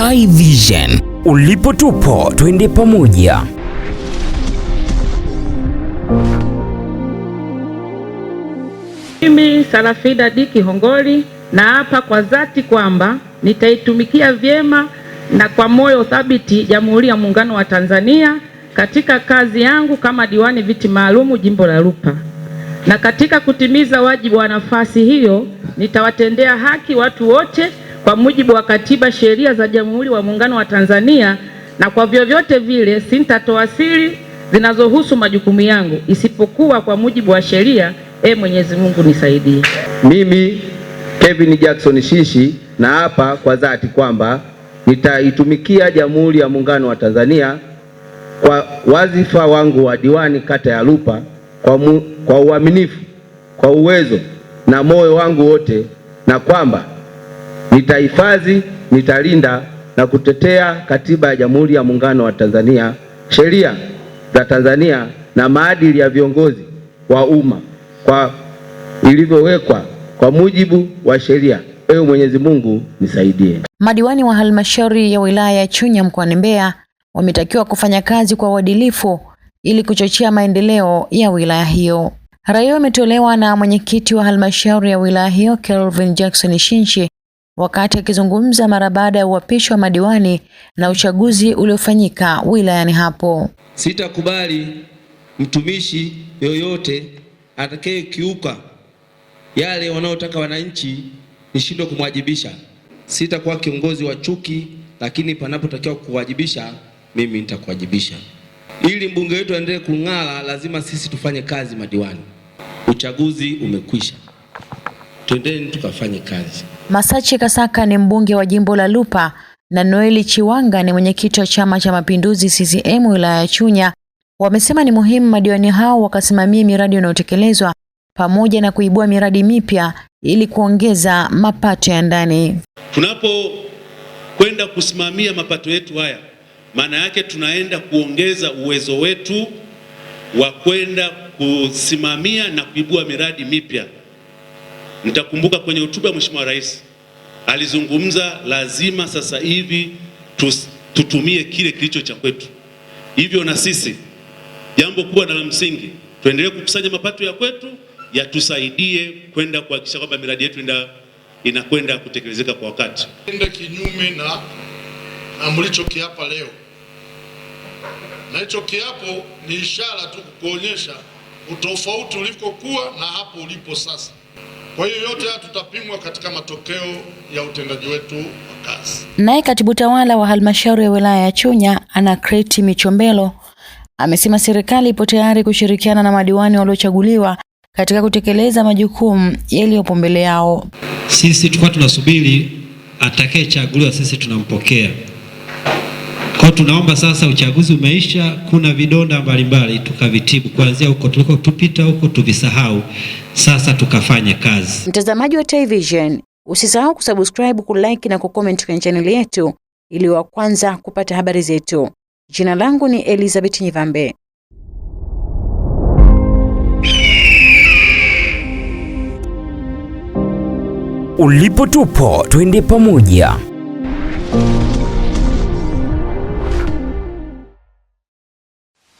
Tai Vision. Ulipo tupo, twende pamoja. Mimi Sarafina Diki Hongoli naapa kwa dhati kwamba nitaitumikia vyema na kwa moyo thabiti Jamhuri ya Muungano wa Tanzania katika kazi yangu kama diwani viti maalumu jimbo la Lupa, na katika kutimiza wajibu wa nafasi hiyo nitawatendea haki watu wote kwa mujibu wa katiba, sheria za Jamhuri ya Muungano wa Tanzania, na kwa vyovyote vile sintatoa siri zinazohusu majukumu yangu isipokuwa kwa mujibu wa sheria. E, Mwenyezi Mungu nisaidie. Mimi Kevin Jackson Shishi na hapa kwa dhati kwamba nitaitumikia Jamhuri ya Muungano wa Tanzania kwa wadhifa wangu wa diwani kata ya Lupa kwa, mu, kwa uaminifu, kwa uwezo na moyo wangu wote na kwamba nitahifadhi, nitalinda na kutetea Katiba ya Jamhuri ya Muungano wa Tanzania, sheria za Tanzania na maadili ya viongozi wa umma kwa ilivyowekwa kwa mujibu wa sheria. Ewe Mwenyezi Mungu nisaidie. Madiwani wa halmashauri ya wilaya ya Chunya mkoani Mbeya wametakiwa kufanya kazi kwa uadilifu ili kuchochea maendeleo ya wilaya hiyo. Rai imetolewa na mwenyekiti wa halmashauri ya wilaya hiyo Kelvin Jackson Shinshi. Wakati akizungumza mara baada ya uapisho wa madiwani na uchaguzi uliofanyika wilayani hapo. Sitakubali mtumishi yoyote atakayekiuka yale wanaotaka wananchi nishindwe kumwajibisha. Sitakuwa kiongozi wa chuki, lakini panapotakiwa kuwajibisha mimi nitakuwajibisha. Ili mbunge wetu aendelee kung'ara, lazima sisi tufanye kazi madiwani. Uchaguzi umekwisha, twendeni tukafanye kazi. Masache Kasaka ni mbunge wa jimbo la Lupa na Noeli Chiwanga ni mwenyekiti wa Chama cha Mapinduzi CCM wilaya ya Chunya wamesema ni muhimu madiwani hao wakasimamia miradi inayotekelezwa pamoja na kuibua miradi mipya ili kuongeza mapato ya ndani. Tunapokwenda kusimamia mapato yetu haya, maana yake tunaenda kuongeza uwezo wetu wa kwenda kusimamia na kuibua miradi mipya. Mtakumbuka kwenye hotuba ya Mheshimiwa Rais alizungumza, lazima sasa hivi tutumie kile kilicho cha kwetu. Hivyo na sisi jambo kubwa na la msingi, tuendelee kukusanya mapato ya kwetu yatusaidie kwenda kuhakikisha kwamba miradi yetu inakwenda kutekelezeka kwa wakati, enda kinyume na, na mlichokiapa leo, na hicho kiapo ni ishara tu kuonyesha utofauti ulikokuwa na hapo ulipo sasa. Kwa hiyo yote haya tutapimwa katika matokeo ya utendaji wetu wa kazi. Naye katibu tawala wa halmashauri ya wilaya ya Chunya Anakreti Michombelo amesema serikali ipo tayari kushirikiana na madiwani waliochaguliwa katika kutekeleza majukumu yaliyopo mbele yao. Sisi tulikuwa tunasubiri atakayechaguliwa, sisi tunampokea kwa tunaomba sasa, uchaguzi umeisha, kuna vidonda mbalimbali tukavitibu, kuanzia huko tulikopita huko tuvisahau, sasa tukafanye kazi. Mtazamaji wa television, usisahau kusubscribe, kulike na kucomment kwenye channel yetu ili wa kwanza kupata habari zetu. Jina langu ni Elizabeth Nyivambe. Ulipo tupo, twende pamoja.